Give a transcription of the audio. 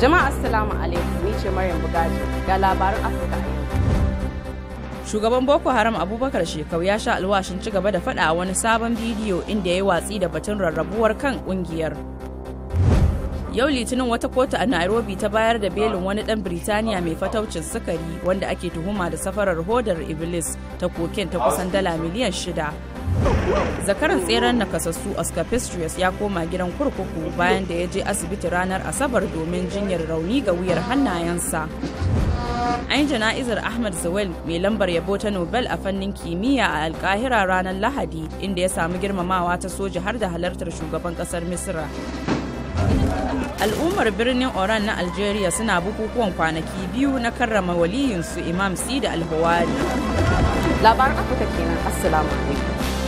Jama'a Assalamu alaikum ni ce Maryam Bugaji ga labarin Afirka a yau. Shugaban Boko Haram Abubakar Shekau ya sha alwashin ci gaba da faɗa a wani sabon bidiyo inda ya yi watsi da batun rarrabuwar kan ƙungiyar. Yau Litinin wata kotu a Nairobi ta bayar da belin wani ɗan Birtaniya mai fataucin sukari wanda ake tuhuma da safarar hodar Iblis ta koken ta kusan dala miliyan shida. zakaran tseren nakasassu oscar pistorius ya koma gidan kurkuku bayan da ya je asibiti ranar asabar domin jinyar rauni ga wuyar hannayensa an jana'izar ahmad zawel mai lambar yabo ta nobel a fannin kimiyya a alkahira ranar lahadi inda ya samu girmamawa ta soja har da halartar shugaban kasar misra al'ummar birnin oran na algeria suna bukukuwan kwanaki biyu na karrama waliyinsu imam sida alhawari labar afirka kenan assalamu alaikum